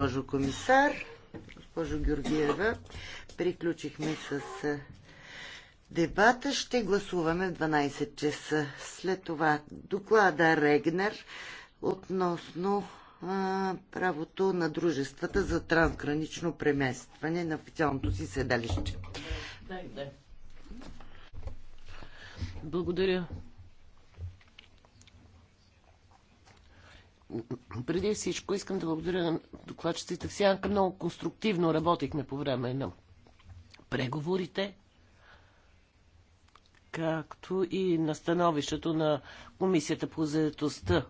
Госпожо комисар, госпожо Георгиева, приключихме с дебата. Ще гласуваме в 12 часа. След това доклада Регнер относно а, правото на дружествата за трансгранично преместване на официалното си седалище. Благодаря. преди всичко искам да благодаря на докладчиците Всяка Сянка. Много конструктивно работихме по време на преговорите, както и на становището на Комисията по заедостта,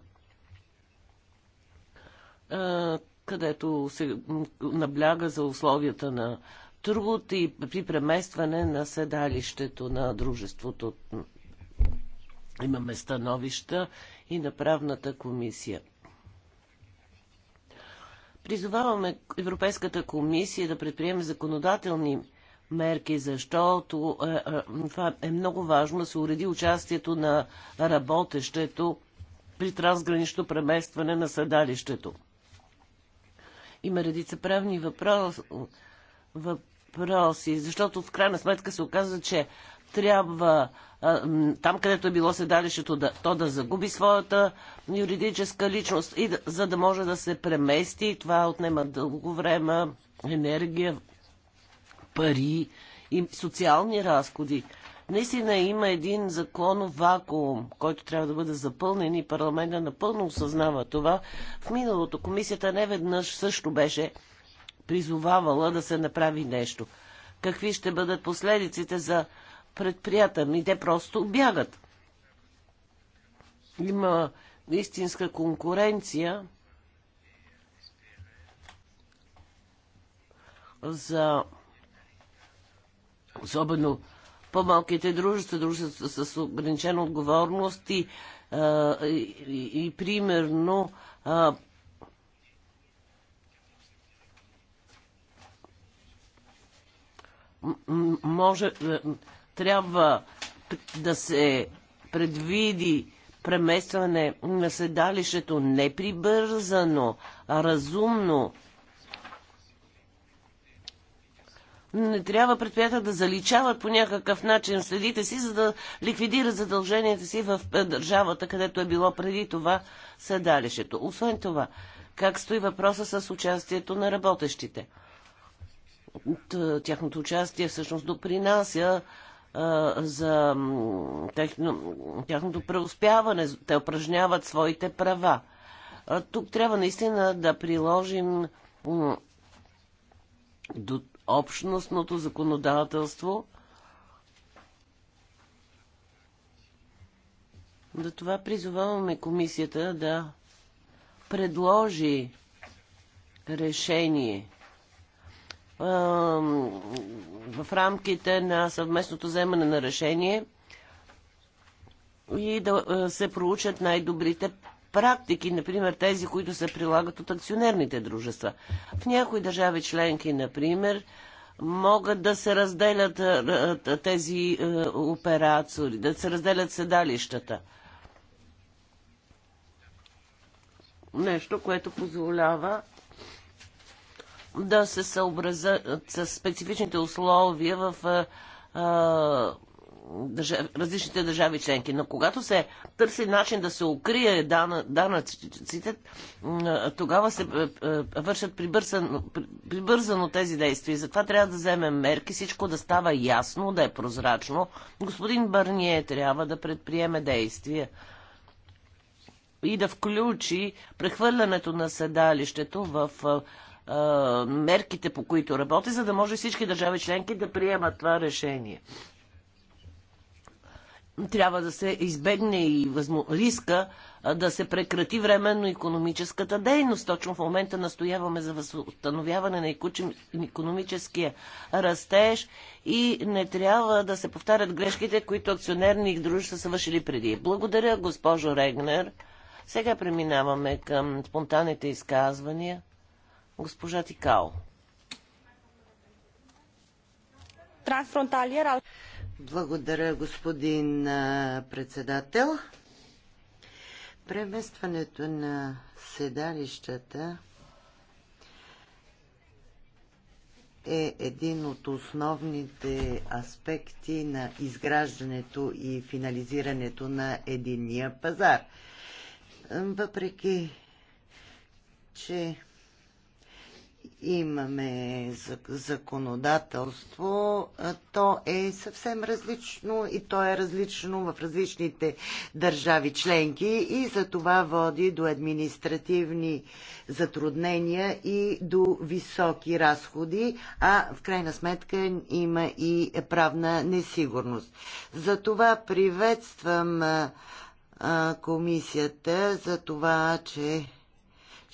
където се набляга за условията на труд и при преместване на седалището на дружеството. Имаме становища и на правната комисия. Призоваваме Европейската комисия да предприеме законодателни мерки, защото е, е, това е много важно да се уреди участието на работещето при трансгранично преместване на съдалището. Има редица правни въпроси, въпроси защото в крайна сметка се оказа, че трябва там, където е било седалището, да, то да загуби своята юридическа личност, и да, за да може да се премести. това отнема дълго време, енергия, пари и социални разходи. Наистина има един законов вакуум, който трябва да бъде запълнен и парламента напълно осъзнава това. В миналото комисията не веднъж също беше призовавала да се направи нещо. Какви ще бъдат последиците за предприята. Ми те просто бягат. Има истинска конкуренция за особено по-малките дружества, дружества с ограничена отговорност и, и, и, и примерно а, може трябва да се предвиди преместване на седалището неприбързано, а разумно. Не трябва предприятия да заличават по някакъв начин следите си, за да ликвидират задълженията си в е, държавата, където е било преди това седалището. Освен това, как стои въпроса с участието на работещите? Тяхното участие всъщност допринася за техно, тяхното преуспяване. Те упражняват своите права. Тук трябва наистина да приложим до общностното законодателство. За това призоваваме комисията да предложи решение – в рамките на съвместното вземане на решение и да се проучат най-добрите практики, например тези, които се прилагат от акционерните дружества. В някои държави членки, например, могат да се разделят тези операции, да се разделят седалищата. Нещо, което позволява да се съобразят с специфичните условия в различните държави членки. Но когато се търси начин да се укрие данъците, тогава се вършат прибързано, прибързано тези действия. Затова трябва да вземем мерки, всичко да става ясно, да е прозрачно. Господин Барние трябва да предприеме действия и да включи прехвърлянето на седалището в мерките, по които работи, за да може всички държави членки да приемат това решение. Трябва да се избегне и възму... риска да се прекрати временно економическата дейност. Точно в момента настояваме за възстановяване на економическия растеж и не трябва да се повтарят грешките, които акционерни дружества са вършили преди. Благодаря, госпожо Регнер. Сега преминаваме към спонтанните изказвания. Госпожа Тикао. Трансфронталиер. Благодаря, господин председател. Преместването на седалищата е един от основните аспекти на изграждането и финализирането на единния пазар. Въпреки, че имаме законодателство, то е съвсем различно и то е различно в различните държави членки и за това води до административни затруднения и до високи разходи, а в крайна сметка има и правна несигурност. За това приветствам комисията за това, че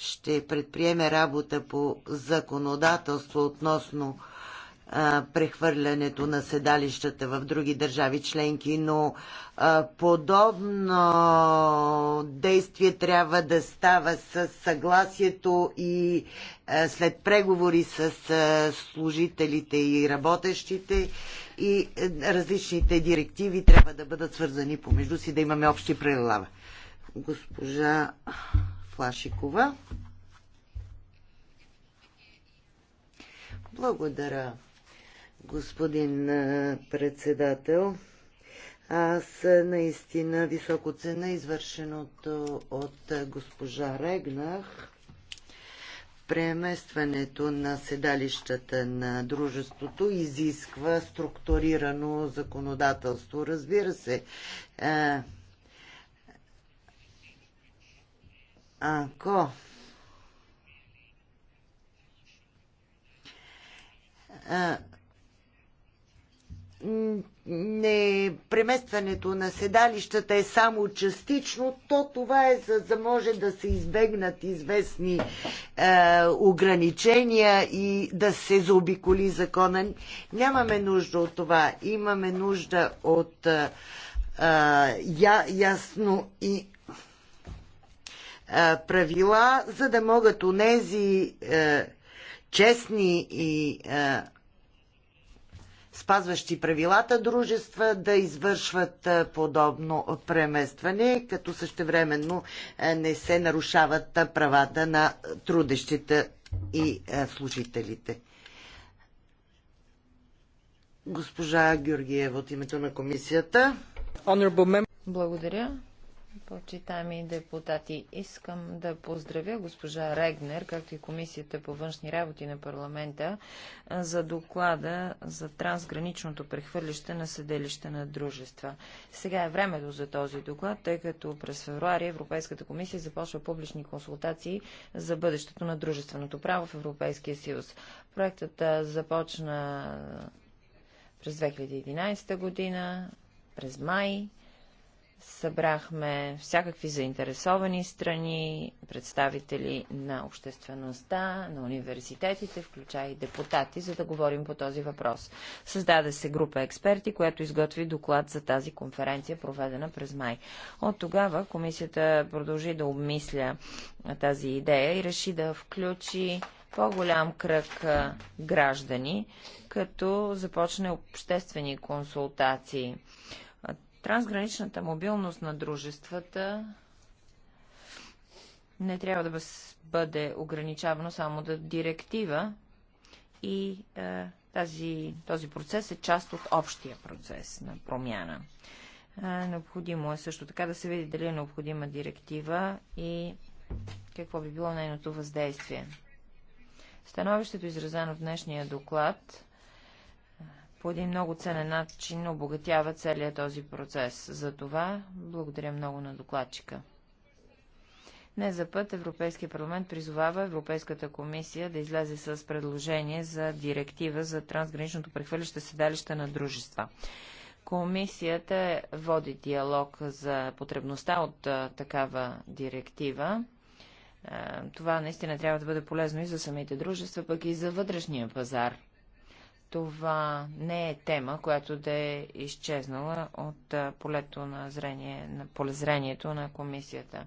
ще предприеме работа по законодателство относно а, прехвърлянето на седалищата в други държави членки, но а, подобно действие трябва да става с съгласието и а, след преговори с служителите и работещите и различните директиви трябва да бъдат свързани помежду си, да имаме общи правила. Госпожа Флашикова. Благодаря, господин председател. Аз наистина високо цена извършеното от госпожа Регнах преместването на седалищата на дружеството изисква структурирано законодателство. Разбира се, Ако не, преместването на седалищата е само частично, то това е за да може да се избегнат известни е, ограничения и да се заобиколи закона. Нямаме нужда от това. Имаме нужда от е, я, ясно и правила, за да могат унези честни и спазващи правилата дружества да извършват подобно преместване, като същевременно не се нарушават правата на трудещите и служителите. Госпожа Георгиева от името на комисията. Благодаря. Почитаеми депутати, искам да поздравя госпожа Регнер, както и Комисията по външни работи на парламента, за доклада за трансграничното прехвърлище на съделище на дружества. Сега е времето за този доклад, тъй като през февруари Европейската комисия започва публични консултации за бъдещето на дружественото право в Европейския съюз. Проектът започна през 2011 година, през май Събрахме всякакви заинтересовани страни, представители на обществеността, на университетите, включая и депутати, за да говорим по този въпрос. Създаде се група експерти, която изготви доклад за тази конференция, проведена през май. От тогава комисията продължи да обмисля тази идея и реши да включи по-голям кръг граждани, като започне обществени консултации. Трансграничната мобилност на дружествата не трябва да бъде ограничавано само да директива и е, тази, този процес е част от общия процес на промяна. Е, необходимо е също така да се види дали е необходима директива и какво би било нейното въздействие. Становището, изразено в днешния доклад, по един много ценен начин обогатява целият този процес. За това благодаря много на докладчика. Не за път Европейския парламент призовава Европейската комисия да излезе с предложение за директива за трансграничното прехвърляще седалище на дружества. Комисията води диалог за потребността от такава директива. това наистина трябва да бъде полезно и за самите дружества, пък и за вътрешния пазар – това не е тема, която да е изчезнала от полето на, зрение, на полезрението на комисията.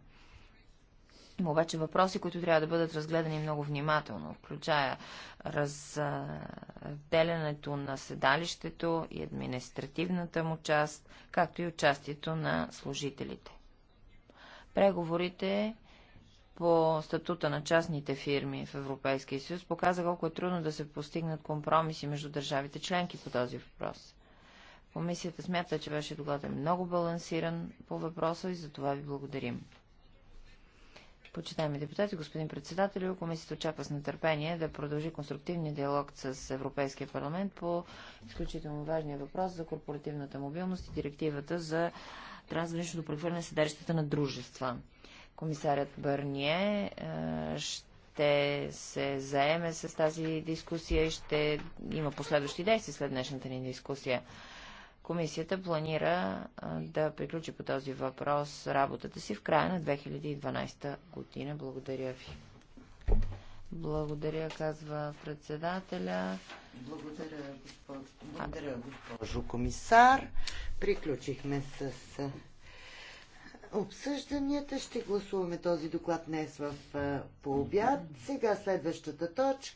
обаче въпроси, които трябва да бъдат разгледани много внимателно, включая разделянето на седалището и административната му част, както и участието на служителите. Преговорите по статута на частните фирми в Европейския съюз показа колко е трудно да се постигнат компромиси между държавите членки по този въпрос. Комисията смята, че беше е много балансиран по въпроса и за това ви благодарим. Почитаеми депутати, господин председател, комисията очаква с нетърпение да продължи конструктивния диалог с Европейския парламент по изключително важния въпрос за корпоративната мобилност и директивата за трансграничното прехвърляне съдържащата на дружества. Комисарят Бърние е, ще се заеме с тази дискусия и ще има последващи действия след днешната ни дискусия. Комисията планира е, да приключи по този въпрос работата си в края на 2012 година. Благодаря ви. Благодаря, казва председателя. Благодаря, госпожо, Благодаря, госпожо комисар. Приключихме с обсъжданията. Ще гласуваме този доклад днес в по обяд. Сега следващата точка